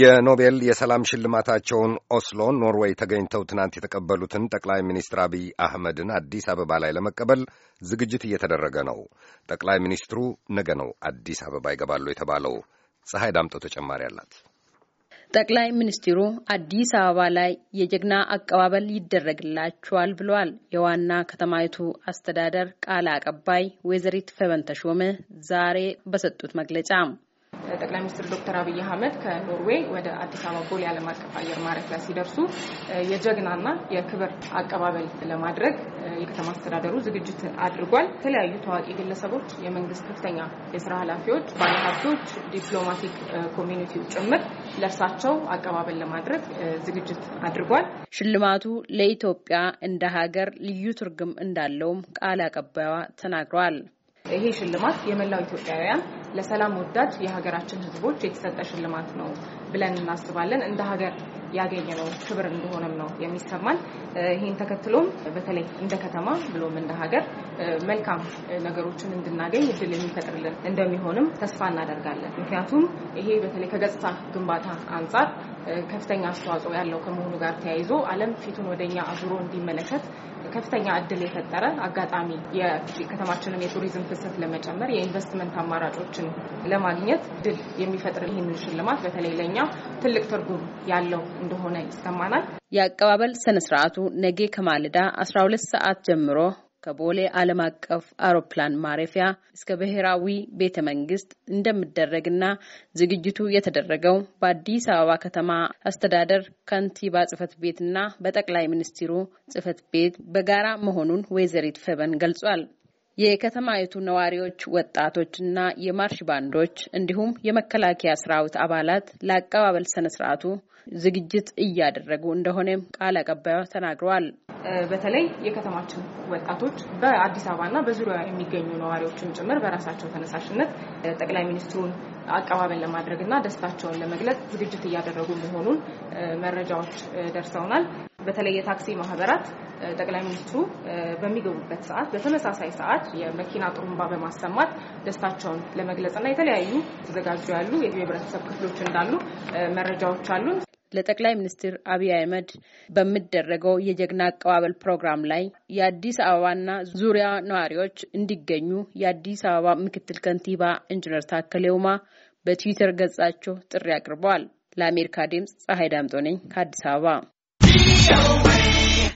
የኖቤል የሰላም ሽልማታቸውን ኦስሎ ኖርዌይ ተገኝተው ትናንት የተቀበሉትን ጠቅላይ ሚኒስትር አብይ አህመድን አዲስ አበባ ላይ ለመቀበል ዝግጅት እየተደረገ ነው። ጠቅላይ ሚኒስትሩ ነገ ነው አዲስ አበባ ይገባሉ የተባለው። ፀሐይ ዳምጠው ተጨማሪ አላት። ጠቅላይ ሚኒስትሩ አዲስ አበባ ላይ የጀግና አቀባበል ይደረግላቸዋል ብለዋል የዋና ከተማይቱ አስተዳደር ቃል አቀባይ ወይዘሪት ፈበን ተሾመ ዛሬ በሰጡት መግለጫ ጠቅላይ ሚኒስትር ዶክተር አብይ አህመድ ከኖርዌይ ወደ አዲስ አበባ ቦሌ ዓለም አቀፍ አየር ማረፊያ ሲደርሱ የጀግናና የክብር አቀባበል ለማድረግ የከተማ አስተዳደሩ ዝግጅት አድርጓል። የተለያዩ ታዋቂ ግለሰቦች፣ የመንግስት ከፍተኛ የስራ ኃላፊዎች፣ ባለሀብቶች፣ ዲፕሎማቲክ ኮሚኒቲው ጭምር ለእርሳቸው አቀባበል ለማድረግ ዝግጅት አድርጓል። ሽልማቱ ለኢትዮጵያ እንደ ሀገር ልዩ ትርጉም እንዳለውም ቃል አቀባይዋ ተናግረዋል። ይሄ ሽልማት የመላው ኢትዮጵያውያን ለሰላም ወዳድ የሀገራችን ህዝቦች የተሰጠ ሽልማት ነው ብለን እናስባለን። እንደ ሀገር ያገኘ ነው ክብር እንደሆነም ነው የሚሰማን። ይህን ተከትሎም በተለይ እንደ ከተማ ብሎም እንደ ሀገር መልካም ነገሮችን እንድናገኝ እድል የሚፈጥርልን እንደሚሆንም ተስፋ እናደርጋለን። ምክንያቱም ይሄ በተለይ ከገጽታ ግንባታ አንጻር ከፍተኛ አስተዋጽኦ ያለው ከመሆኑ ጋር ተያይዞ ዓለም ፊቱን ወደኛ አዙሮ እንዲመለከት ከፍተኛ እድል የፈጠረ አጋጣሚ የከተማችንም የቱሪዝም ፍሰት ለመጨመር የኢንቨስትመንት አማራጮችን ለማግኘት ድል የሚፈጥር ይህንን ሽልማት በተለይ ለኛ ትልቅ ትርጉም ያለው እንደሆነ ይሰማናል። የአቀባበል ስነ ስርዓቱ ነጌ ከማለዳ 12 ሰዓት ጀምሮ ከቦሌ ዓለም አቀፍ አውሮፕላን ማረፊያ እስከ ብሔራዊ ቤተ መንግስት እንደሚደረግና ዝግጅቱ የተደረገው በአዲስ አበባ ከተማ አስተዳደር ከንቲባ ጽህፈት ቤትና በጠቅላይ ሚኒስትሩ ጽህፈት ቤት በጋራ መሆኑን ወይዘሪት ፈበን ገልጿል። የከተማይቱ ነዋሪዎች፣ ወጣቶችና የማርሽ ባንዶች እንዲሁም የመከላከያ ሰራዊት አባላት ለአቀባበል ስነ ስርዓቱ ዝግጅት እያደረጉ እንደሆነም ቃል አቀባዩ ተናግረዋል። በተለይ የከተማችን ወጣቶች በአዲስ አበባና በዙሪያ የሚገኙ ነዋሪዎችን ጭምር በራሳቸው ተነሳሽነት ጠቅላይ ሚኒስትሩን አቀባበል ለማድረግ እና ደስታቸውን ለመግለጽ ዝግጅት እያደረጉ መሆኑን መረጃዎች ደርሰውናል። በተለይ የታክሲ ማህበራት ጠቅላይ ሚኒስትሩ በሚገቡበት ሰዓት በተመሳሳይ ሰዓት የመኪና ጥሩምባ በማሰማት ደስታቸውን ለመግለጽ እና የተለያዩ ተዘጋጁ ያሉ የህብረተሰብ ክፍሎች እንዳሉ መረጃዎች አሉን። ለጠቅላይ ሚኒስትር አብይ አህመድ በሚደረገው የጀግና አቀባበል ፕሮግራም ላይ የአዲስ አበባና ዙሪያ ነዋሪዎች እንዲገኙ የአዲስ አበባ ምክትል ከንቲባ ኢንጂነር ታከለ ኡማ በትዊተር ገጻቸው ጥሪ አቅርበዋል። ለአሜሪካ ድምፅ ፀሐይ ዳምጦ ነኝ ከአዲስ አበባ።